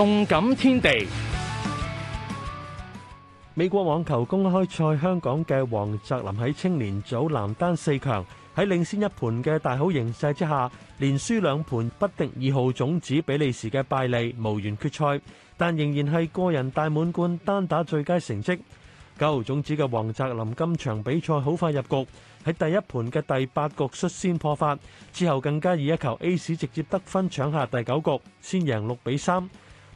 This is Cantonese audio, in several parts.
動感天地。美國網球公開賽，香港嘅黃澤林喺青年組男單四強喺領先一盤嘅大好形勢之下，連輸兩盤不敵二號種子比利時嘅拜利，無緣決賽，但仍然係個人大滿貫單打最佳成績。九號種子嘅黃澤林今場比賽好快入局，喺第一盤嘅第八局率先破發，之後更加以一球 ace 直接得分，搶下第九局，先贏六比三。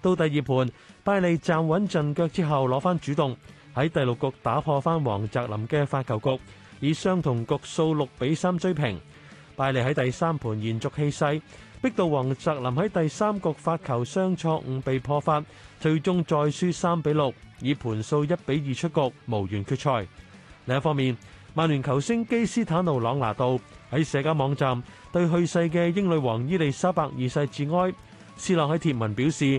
到第二盤，拜利站穩陣腳之後攞翻主動，喺第六局打破翻黃澤林嘅發球局，以相同局數六比三追平。拜利喺第三盤延續氣勢，逼到黃澤林喺第三局發球雙錯誤被破發，最終再輸三比六，以盤數一比二出局，無緣決賽。另一方面，曼聯球星基斯坦奴朗拿度喺社交網站對去世嘅英女王伊麗莎白二世致哀。C 朗喺貼文表示。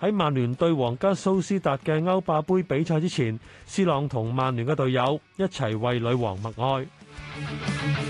喺曼聯對皇家蘇斯達嘅歐霸杯比賽之前，斯朗同曼聯嘅隊友一齊為女王默哀。